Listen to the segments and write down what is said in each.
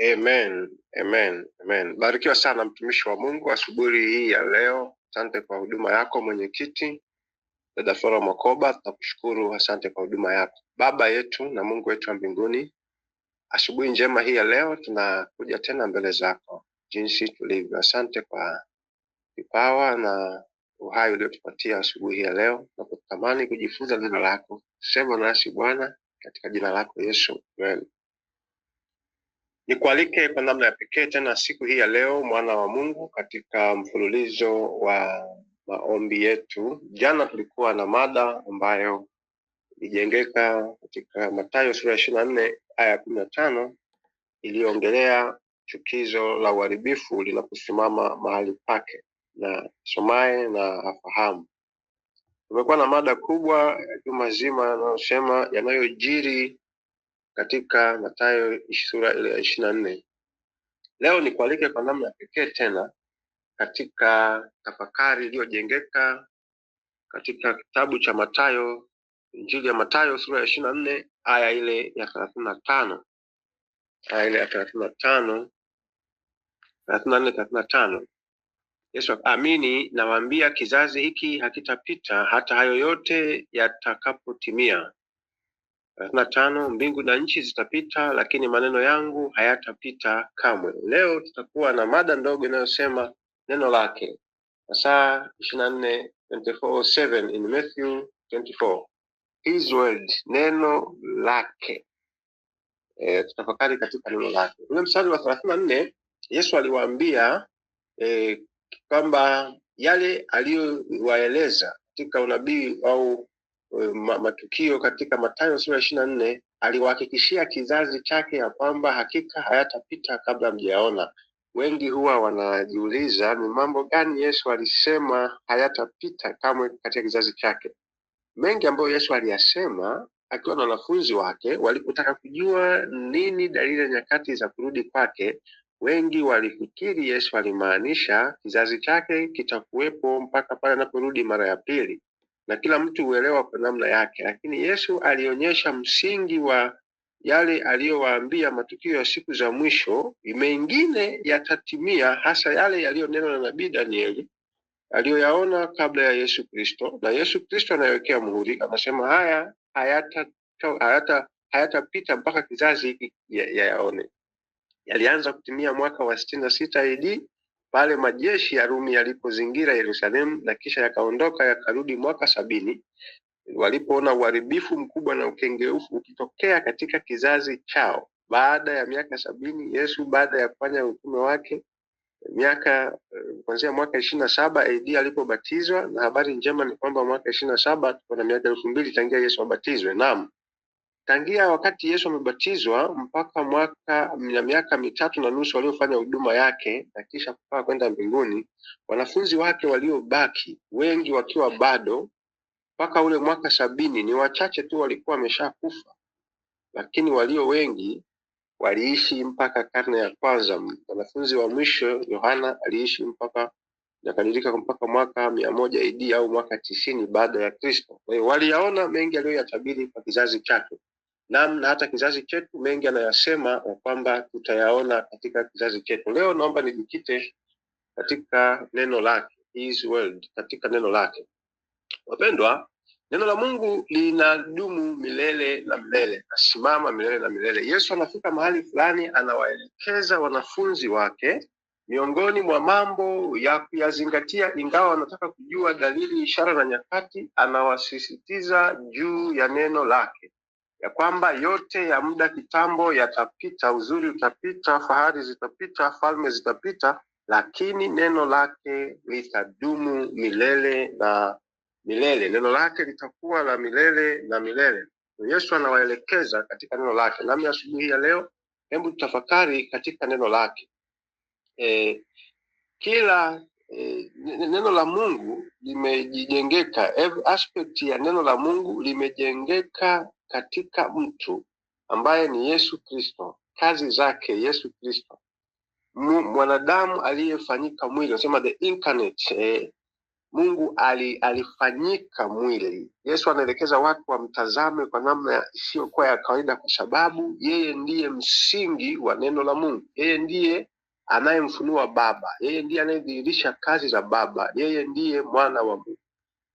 Amen, amen, amen. Barikiwa sana mtumishi wa Mungu asubuhi hii ya leo. Asante kwa huduma yako mwenyekiti dada Flora Makoba, tunakushukuru. Asante kwa huduma yako. Baba yetu na Mungu wetu wa mbinguni, asubuhi njema hii ya leo tunakuja tena mbele zako jinsi tulivyo. Asante kwa kipawa na uhai uliotupatia asubuhi ya leo, tunapotamani kujifunza neno lako. Sema nasi Bwana, katika jina lako Yesu, amen. Nikualike kwa namna ya pekee tena siku hii ya leo, mwana wa Mungu, katika mfululizo wa maombi yetu. Jana tulikuwa na mada ambayo ilijengeka katika Mathayo sura ya ishirini na nne aya ya kumi na tano iliyoongelea chukizo la uharibifu linaposimama mahali pake na somaye na afahamu. Tumekuwa na mada kubwa ya juma zima yanayosema yanayojiri katika Mathayo sura ile ya ishirini na nne. Leo nikualike kwa namna ya pekee tena katika tafakari iliyojengeka katika kitabu cha Mathayo, Injili ya Mathayo sura ya ishirini na nne aya ile ya thelathini na tano aya ile ya thelathini na tano thelathini na nne thelathini na tano Yesu, amini nawaambia, kizazi hiki hakitapita hata hayo yote yatakapotimia thelathini na tano mbingu na nchi zitapita, lakini maneno yangu hayatapita kamwe. Leo tutakuwa na mada ndogo inayosema neno lake, masaa ishirini na nne 24 in Matthew 24. His word, neno lake. E, tutafakari katika neno lake. Ule mstari wa thelathini na nne Yesu aliwaambia e, kwamba yale aliyowaeleza katika unabii au Eh, matukio katika Mathayo sura ishirini na nne aliwahakikishia kizazi chake ya kwamba hakika hayatapita kabla mjaona. Wengi huwa wanajiuliza ni mambo gani Yesu alisema hayatapita kamwe katika kizazi chake. Mengi ambayo Yesu aliyasema akiwa na wanafunzi wake walipotaka kujua nini dalili ya nyakati za kurudi kwake, wengi walifikiri Yesu alimaanisha kizazi chake kitakuwepo mpaka pale anaporudi mara ya pili na kila mtu huelewa kwa namna yake, lakini Yesu alionyesha msingi wa yale aliyowaambia, matukio ya siku za mwisho mengine yatatimia, hasa yale yaliyonenwa na nabii Danieli aliyoyaona kabla ya Yesu Kristo, na Yesu Kristo anayewekea muhuri, anasema haya hayata hayata hayatapita mpaka kizazi hiki yayaone. Yalianza kutimia mwaka wa sitini na sita AD pale majeshi ya Rumi yalipozingira Yerusalemu na kisha yakaondoka yakarudi mwaka sabini walipoona uharibifu mkubwa na ukengeufu ukitokea katika kizazi chao. Baada ya miaka sabini Yesu baada ya kufanya utume wake miaka eh, kuanzia mwaka ishirini na saba AD alipobatizwa, na habari njema ni kwamba mwaka ishirini na saba tuko na miaka elfu mbili tangia Yesu abatizwe. Naam. Tangia wakati Yesu amebatizwa mpaka mwaka na miaka mitatu na nusu waliofanya huduma yake na kisha kupaa kwenda mbinguni, wanafunzi wake waliobaki wengi wakiwa bado mpaka ule mwaka sabini, ni wachache tu walikuwa wameshakufa, lakini walio wengi waliishi mpaka karne ya kwanza. Mwanafunzi wa mwisho Yohana aliishi mpaka nakadirika mpaka mwaka mia moja AD au mwaka tisini baada ya Kristo. Kwa hiyo waliyaona mengi aliyoyatabiri kwa kizazi chake namna hata kizazi chetu mengi anayasema ya kwamba tutayaona katika kizazi chetu. Leo naomba nijikite katika neno lake his word, katika neno lake. Wapendwa, neno la Mungu linadumu milele na milele, nasimama milele na milele. Yesu anafika mahali fulani, anawaelekeza wanafunzi wake miongoni mwa mambo ya kuyazingatia, ingawa wanataka kujua dalili, ishara na nyakati, anawasisitiza juu ya neno lake ya kwamba yote ya muda kitambo yatapita, uzuri utapita, fahari zitapita, falme zitapita, lakini neno lake litadumu milele na milele, neno lake litakuwa la milele na milele. Yesu anawaelekeza katika neno lake. Nami asubuhi ya leo, hebu tutafakari katika neno lake. E, kila e, neno la Mungu limejijengeka, aspect ya neno la Mungu limejengeka katika mtu ambaye ni Yesu Kristo, kazi zake Yesu Kristo, mwanadamu aliyefanyika mwili, anasema the incarnate eh, Mungu ali, alifanyika mwili. Yesu anaelekeza watu wamtazame kwa namna isiyokuwa ya kawaida, kwa sababu yeye ndiye msingi wa neno la Mungu. Yeye ndiye anayemfunua Baba, yeye ndiye anayedhihirisha kazi za Baba, yeye ndiye mwana wa Mungu,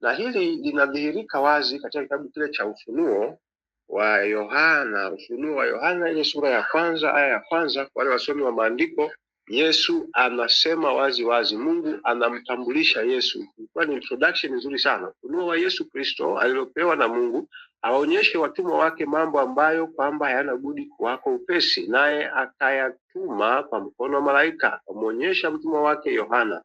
na hili linadhihirika wazi katika kitabu kile cha Ufunuo wa Yohana, Ufunuo wa Yohana ile sura ya kwanza aya ya kwanza, wale wasomi wa maandiko, Yesu anasema wazi wazi, Mungu anamtambulisha Yesu. Ilikuwa ni introduction nzuri sana. Ufunuo wa Yesu Kristo aliyopewa na Mungu awaonyeshe watumwa wake mambo ambayo kwamba hayana budi kuwako upesi, naye akayatuma kwa mkono wa malaika, amwonyesha mtumwa wake Yohana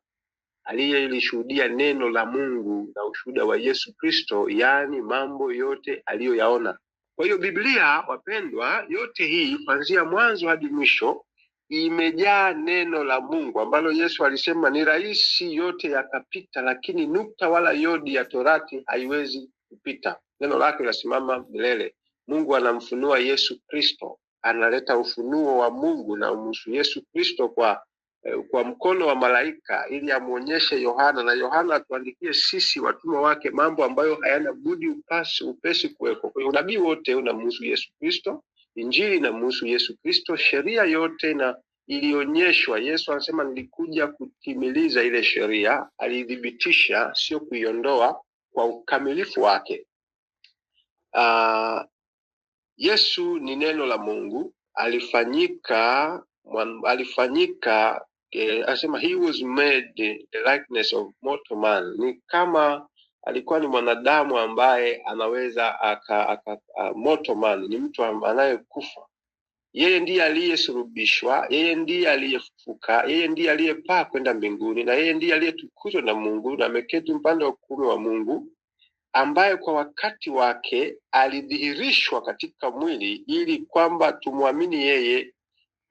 aliyelishuhudia neno la Mungu na ushuhuda wa Yesu Kristo, yaani mambo yote aliyoyaona. Kwa hiyo Biblia wapendwa, yote hii kuanzia mwanzo hadi mwisho imejaa neno la Mungu ambalo Yesu alisema ni rahisi yote yakapita, lakini nukta wala yodi ya torati haiwezi kupita. Neno lake linasimama milele. Mungu anamfunua Yesu Kristo, analeta ufunuo wa Mungu na umhusu Yesu Kristo kwa Eh, kwa mkono wa malaika ili amwonyeshe Yohana na Yohana atuandikie sisi watumwa wake mambo ambayo hayana budi upasi upesi kuwekwa. Kwa hiyo unabii wote unamhusu Yesu Kristo, Injili inamhusu Yesu Kristo, sheria yote na ilionyeshwa. Yesu anasema nilikuja kutimiliza ile sheria, alithibitisha sio kuiondoa kwa ukamilifu wake. Uh, Yesu ni neno la Mungu, alifanyika alifanyika eh, asema he was made the likeness of mortal man, ni kama alikuwa ni mwanadamu ambaye anaweza aka, aka, uh, mortal man ni mtu anayekufa. Yeye ndiye aliyesulubishwa, yeye ndiye aliyefufuka, yeye ndiye aliyepaa kwenda mbinguni, na yeye ndiye aliyetukuzwa na Mungu na ameketi upande wa kumi wa Mungu, ambaye kwa wakati wake alidhihirishwa katika mwili ili kwamba tumwamini yeye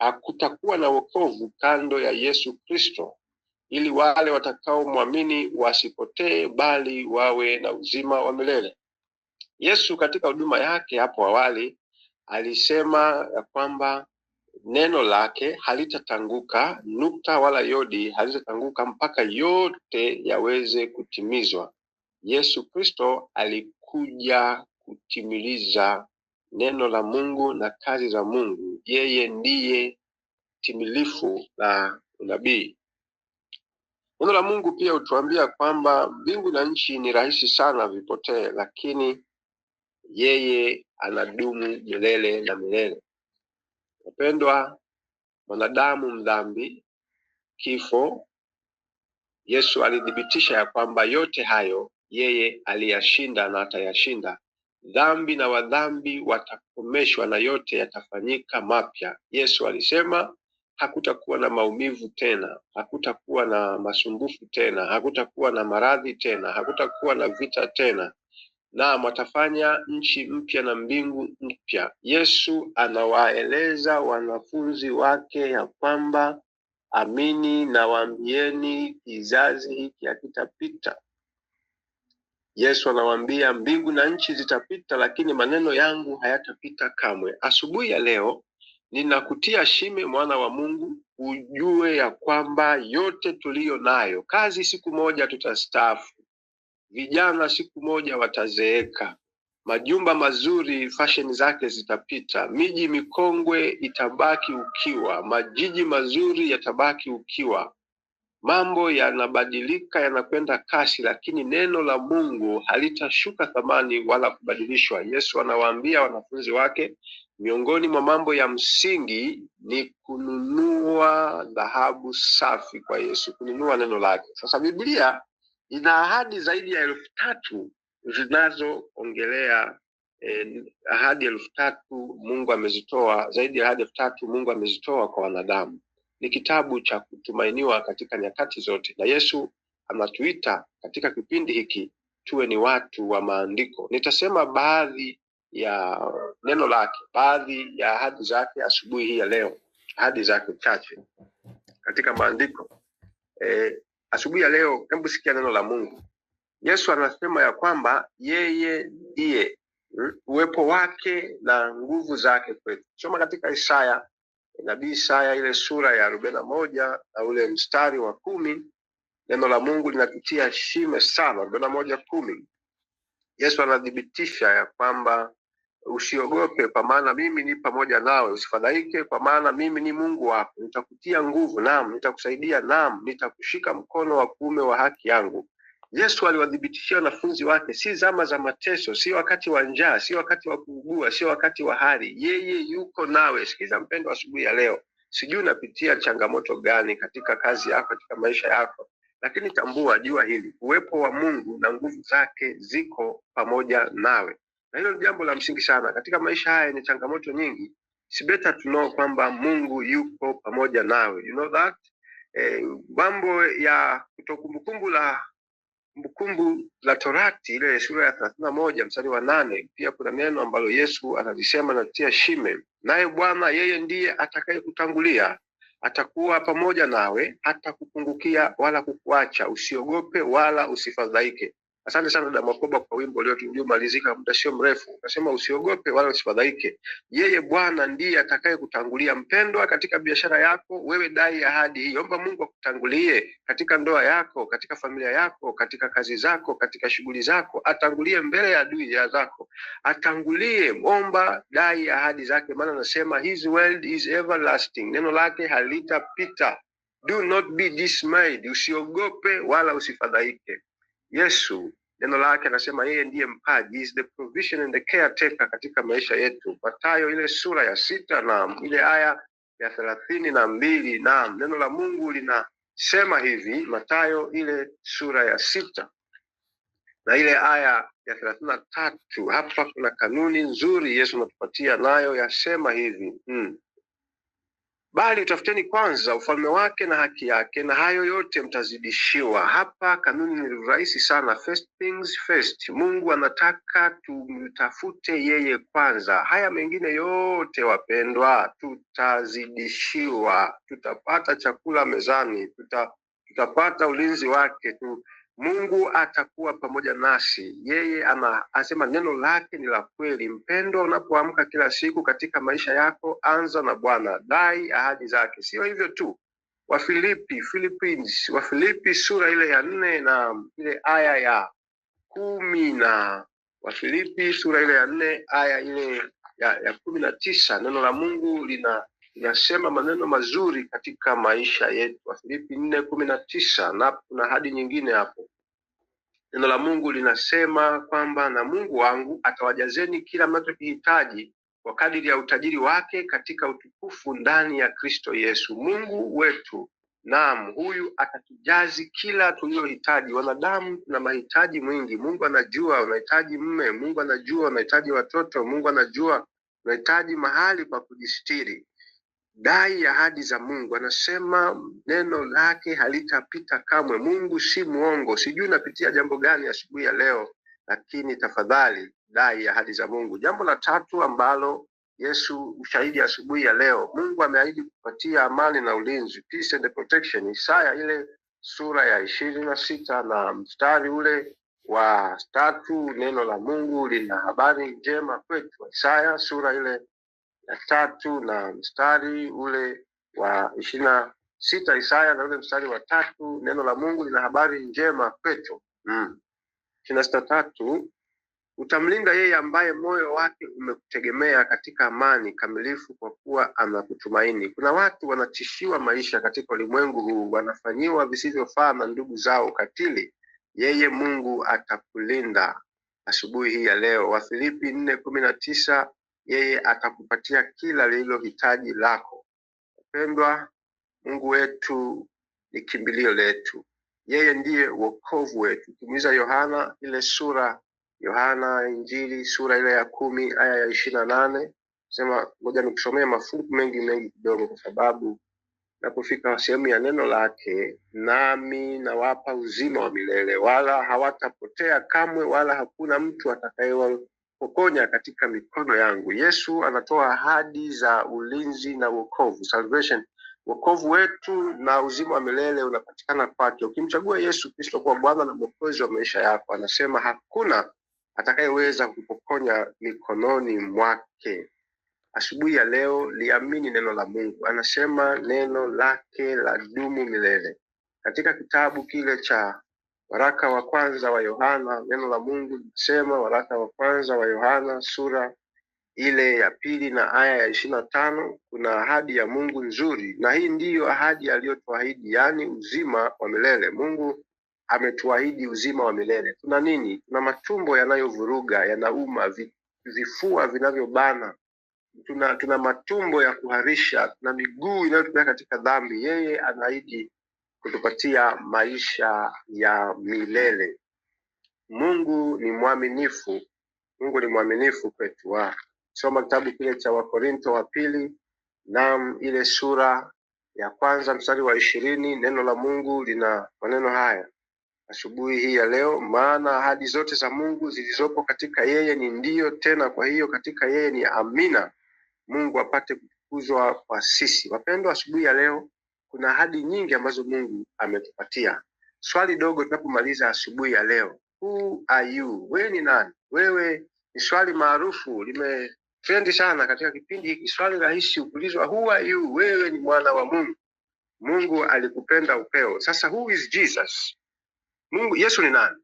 hakutakuwa na wokovu kando ya Yesu Kristo, ili wale watakaomwamini wasipotee, bali wawe na uzima wa milele. Yesu katika huduma yake hapo awali alisema ya kwamba neno lake halitatanguka, nukta wala yodi halitatanguka mpaka yote yaweze kutimizwa. Yesu Kristo alikuja kutimiliza neno la Mungu na kazi za Mungu. Yeye ndiye timilifu la unabii. Neno la Mungu pia hutuambia kwamba mbingu na nchi ni rahisi sana vipotee, lakini yeye anadumu milele na milele. Wapendwa, mwanadamu mdhambi, kifo, Yesu alithibitisha ya kwamba yote hayo yeye aliyashinda na atayashinda dhambi na wadhambi watakomeshwa na yote yatafanyika mapya. Yesu alisema hakutakuwa na maumivu tena, hakutakuwa na masumbufu tena, hakutakuwa na maradhi tena, hakutakuwa na vita tena, na watafanya nchi mpya na mbingu mpya. Yesu anawaeleza wanafunzi wake ya kwamba amini nawaambieni, kizazi hiki hakitapita Yesu anawaambia mbingu na nchi zitapita, lakini maneno yangu hayatapita kamwe. Asubuhi ya leo ninakutia shime, mwana wa Mungu, ujue ya kwamba yote tuliyo nayo, kazi siku moja tutastaafu, vijana siku moja watazeeka, majumba mazuri fashion zake zitapita, miji mikongwe itabaki ukiwa, majiji mazuri yatabaki ukiwa Mambo yanabadilika yanakwenda kasi, lakini neno la Mungu halitashuka thamani wala kubadilishwa. Yesu anawaambia wanafunzi wake, miongoni mwa mambo ya msingi ni kununua dhahabu safi kwa Yesu, kununua neno lake. Sasa Biblia ina ahadi zaidi ya elfu tatu zinazoongelea eh, ahadi elfu tatu Mungu amezitoa zaidi ya ahadi elfu tatu Mungu amezitoa kwa wanadamu ni kitabu cha kutumainiwa katika nyakati zote, na Yesu anatuita katika kipindi hiki tuwe ni watu wa maandiko. Nitasema baadhi ya neno lake, baadhi ya ahadi zake asubuhi hii ya leo, ahadi zake chache katika maandiko. E, asubuhi ya leo, hebu sikia neno la Mungu. Yesu anasema ya kwamba yeye ndiye uwepo wake na nguvu zake kwetu. Soma katika Isaya Nabii Isaya ile sura ya arobaini na moja na ule mstari wa kumi neno la Mungu linatutia heshima sana. arobaini na moja kumi Yesu anathibitisha ya kwamba usiogope, kwa maana mimi ni pamoja nawe, usifadhaike, kwa maana mimi ni Mungu wako, nitakutia nguvu, naam, nitakusaidia, naam, nitakushika mkono wa kuume wa haki yangu. Yesu aliwathibitishia wanafunzi wake, si zama za mateso, sio wakati wa njaa, sio wakati wa kuugua, sio wakati wa hari. Yeye yuko nawe. Sikiza mpendo, asubuhi ya leo, sijui unapitia changamoto gani katika kazi yako, katika maisha yako, lakini tambua, jua hili, uwepo wa Mungu na nguvu zake ziko pamoja nawe, na hilo ni jambo la msingi sana katika maisha haya yenye changamoto nyingi. It's better to know kwamba Mungu yuko pamoja nawe, you know that. Eh, mambo ya kutokumbukumbu la Kumbukumbu la Torati ile sura ya thelathini na moja mstari wa nane pia kuna neno ambalo Yesu analisema natia shime, naye Bwana yeye ndiye atakayekutangulia, atakuwa pamoja nawe, hata kupungukia wala kukuacha, usiogope wala usifadhaike. Asante sana dada Mwakoba kwa wimbo leo uliomalizika muda sio mrefu. Unasema usiogope wala usifadhaike, yeye Bwana ndiye atakaye kutangulia. Mpendwa, katika biashara yako wewe dai ahadi hii, omba Mungu akutangulie katika ndoa yako, katika familia yako, katika kazi zako, katika shughuli zako, atangulie mbele ya adui ya zako, atangulie. Omba, dai ahadi zake, maana anasema his word is everlasting, neno lake halitapita. Do not be dismayed, usiogope wala usifadhaike. Yesu neno lake anasema yeye ndiye mpaji, is the provision and the caretaker katika maisha yetu. Mathayo ile sura ya sita na ile aya ya thelathini na mbili na neno la Mungu linasema hivi, Mathayo ile sura ya sita na ile aya ya thelathini na tatu. Hapa kuna kanuni nzuri Yesu anatupatia nayo, yasema hivi hmm bali utafuteni kwanza ufalme wake na haki yake, na hayo yote mtazidishiwa. Hapa kanuni ni rahisi sana, first things first. Mungu anataka tumtafute yeye kwanza, haya mengine yote wapendwa, tutazidishiwa. Tutapata chakula mezani, tuta, tutapata ulinzi wake tu Mungu atakuwa pamoja nasi. Yeye ana, asema neno lake ni la kweli. Mpendwa, unapoamka kila siku katika maisha yako, anza na Bwana, dai ahadi zake. Siyo hivyo tu, Wafilipi Philippines, Wafilipi sura ile ya nne na ile aya ya kumi na Wafilipi sura ile ya nne aya ile ya, ya kumi na tisa neno la Mungu lina inasema maneno mazuri katika maisha yetu. Wafilipi nne kumi na tisa na kuna hadi nyingine hapo. Neno la Mungu linasema kwamba na Mungu wangu atawajazeni kila mnachokihitaji kwa kadiri ya utajiri wake katika utukufu ndani ya Kristo Yesu. Mungu wetu Naam, huyu atatujazi kila tuliyohitaji. Wanadamu tuna mahitaji mwingi. Mungu anajua unahitaji mme, Mungu anajua unahitaji watoto, Mungu anajua unahitaji mahali pa kujistiri dai ahadi za Mungu, anasema neno lake halitapita kamwe. Mungu si mwongo. Sijui napitia jambo gani asubuhi ya, ya leo, lakini tafadhali dai ahadi za Mungu. Jambo la tatu ambalo Yesu ushahidi asubuhi ya, ya leo, Mungu ameahidi kupatia amani na ulinzi, peace and protection. Isaya ile sura ya ishirini na sita na mstari ule wa tatu, neno la Mungu lina habari njema kwetu. Isaya sura ile tatu na mstari ule wa ishirini na sita Isaya na ule mstari wa tatu neno la Mungu lina habari njema kwetu. Mm. ishirini na sita tatu utamlinda yeye ambaye moyo wake umekutegemea katika amani kamilifu, kwa kuwa anakutumaini. Kuna watu wanatishiwa maisha katika ulimwengu huu, wanafanyiwa visivyofaa na ndugu zao ukatili. Yeye Mungu atakulinda asubuhi hii ya leo. Wafilipi nne kumi na tisa yeye atakupatia kila lililo hitaji lako. Mpendwa, Mungu wetu ni kimbilio letu, yeye ndiye wokovu wetu. Tumiza Yohana ile sura Yohana Injili sura ile ya kumi aya ya ishirini na nane sema, ngoja nikusomee mafungu mengi mengi kidogo, kwa sababu napofika sehemu ya neno lake, nami nawapa uzima wa milele, wala hawatapotea kamwe, wala hakuna mtu atakayewa pokonya katika mikono yangu. Yesu anatoa ahadi za ulinzi na wokovu, salvation. Wokovu wetu na uzima wa milele unapatikana kwake ukimchagua Yesu Kristo kuwa Bwana na Mwokozi wa maisha yako. Anasema hakuna atakayeweza kukupokonya mikononi mwake. Asubuhi ya leo liamini neno la Mungu. Anasema neno lake la dumu milele. Katika kitabu kile cha Waraka wa kwanza wa Yohana, neno la Mungu linasema, waraka wa kwanza wa Yohana sura ile ya pili na aya ya ishirini na tano kuna ahadi ya Mungu nzuri, na hii ndiyo ahadi aliyotuahidi, yaani uzima wa milele. Mungu ametuahidi uzima wa milele. Tuna nini? Tuna matumbo yanayovuruga, yanauma, vifua vinavyobana, tuna tuna matumbo ya kuharisha, tuna miguu inayotembea katika dhambi. Yeye anaahidi kutupatia maisha ya milele. Mungu ni mwaminifu, Mungu ni mwaminifu kwetu. Ah, soma kitabu kile cha Wakorinto wa pili na ile sura ya kwanza mstari wa ishirini. Neno la Mungu lina maneno haya asubuhi hii ya leo, maana ahadi zote za Mungu zilizopo katika yeye ni ndiyo, tena kwa hiyo katika yeye ni amina, Mungu apate kutukuzwa kwa sisi. Wapendwa, asubuhi ya leo kuna ahadi nyingi ambazo Mungu ametupatia. Swali dogo tunapomaliza asubuhi ya leo, who are you? Wewe ni nani? Wewe ni swali maarufu lime sana katika kipindi hiki. Swali rahisi ukulizwa, who are you? Wewe ni mwana wa Mungu. Mungu alikupenda upeo. Sasa who is Jesus? Mungu Yesu ni nani?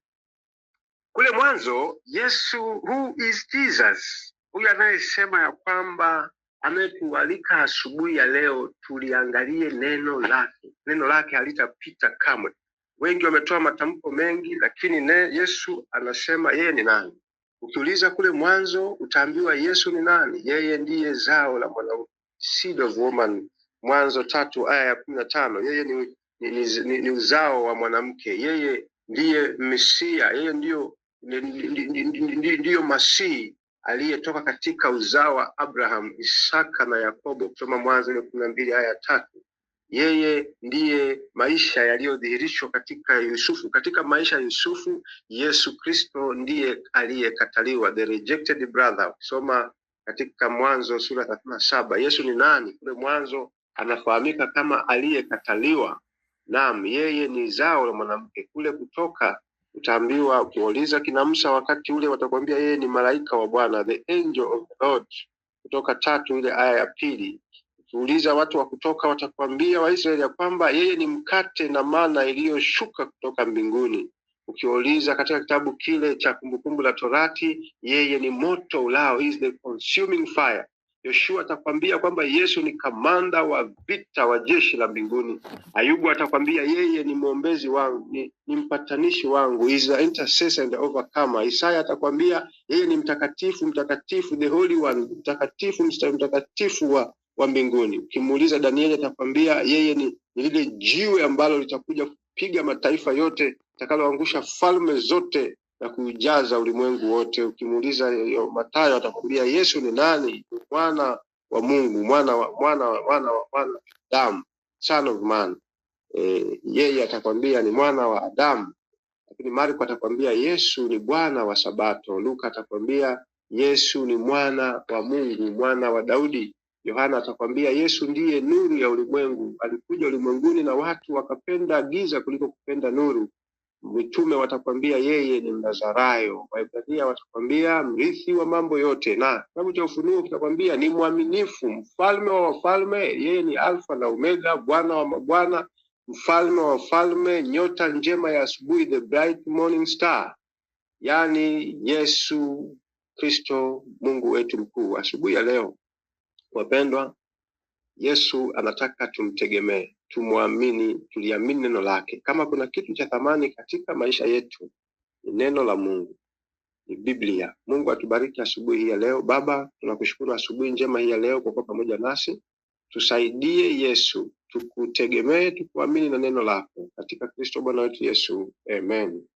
Kule mwanzo Yesu, who is Jesus? Huyu anayesema ya kwamba amekualika asubuhi ya leo tuliangalie neno lake. Neno lake halitapita kamwe. Wengi wametoa matamko mengi, lakini ne, Yesu anasema yeye ni nani. Ukiuliza kule mwanzo utaambiwa Yesu ni nani. Yeye ndiye zao la mwanamke, seed of woman, Mwanzo tatu aya ya kumi na tano. Yeye ni, ni, ni, ni, ni uzao wa mwanamke, yeye ndiye Mesia, yeye ndiyo ndiyo Masihi aliyetoka katika uzao wa Abraham, Isaka na Yakobo, kusoma Mwanzo ile kumi na mbili aya tatu. Yeye ndiye maisha yaliyodhihirishwa katika Yusufu. Katika maisha ya Yusufu, Yesu Kristo ndiye aliyekataliwa, the rejected brother. Ukisoma katika Mwanzo sura thelathini na saba Yesu ni nani? Kule Mwanzo anafahamika kama aliyekataliwa. Naam, yeye ni zao la mwanamke. Kule Kutoka Utaambiwa ukiuliza kinamsa wakati ule watakwambia yeye ni malaika wa Bwana, the angel of the Lord, Kutoka tatu ile aya ya pili. Ukiuliza watu wa Kutoka watakwambia Waisraeli ya kwamba yeye ni mkate na mana iliyoshuka kutoka mbinguni. Ukiuliza katika kitabu kile cha Kumbukumbu la Torati, yeye ni moto ulao, he is the consuming fire. Yoshua atakwambia kwamba Yesu ni kamanda wa vita wa jeshi la mbinguni. Ayubu atakwambia yeye ni mwombezi wangu, ni, ni mpatanishi wangu, is the intercessor and the overcomer. Isaya atakwambia yeye ni mtakatifu, mtakatifu, the holy one, mtakatifu, mtakatifu wa wa mbinguni. Ukimuuliza Danieli atakwambia yeye ni lile jiwe ambalo litakuja kupiga mataifa yote, litakaloangusha falme zote na kujaza ulimwengu wote. Ukimuuliza Mathayo atakwambia Yesu ni nani? Mwana wa Mungu, mwana wa mwana wa mwana wa mwana Adamu, son of man. E, yeye atakwambia ni mwana wa Adamu, lakini Marko atakwambia Yesu ni Bwana wa Sabato. Luka atakwambia Yesu ni mwana wa Mungu, mwana wa Daudi. Yohana atakwambia Yesu ndiye nuru ya ulimwengu, alikuja ulimwenguni na watu wakapenda giza kuliko kupenda nuru, mitume watakwambia yeye ni Mnazarayo, Waibrania watakwambia mrithi wa mambo yote, na kitabu cha Ufunuo kitakwambia ni mwaminifu, mfalme wa wafalme, yeye ni Alfa na Omega, Bwana wa mabwana, mfalme wa wafalme, nyota njema ya asubuhi, the bright morning star, yaani Yesu Kristo, Mungu wetu mkuu. Asubuhi ya leo wapendwa Yesu anataka tumtegemee, tumwamini, tuliamini neno lake. Kama kuna kitu cha thamani katika maisha yetu ni neno la Mungu, ni Biblia. Mungu atubariki asubuhi hii ya leo. Baba, tunakushukuru asubuhi njema hii ya leo kwa kuwa pamoja nasi. Tusaidie Yesu, tukutegemee, tukuamini na neno lako, katika Kristo Bwana wetu Yesu, amen.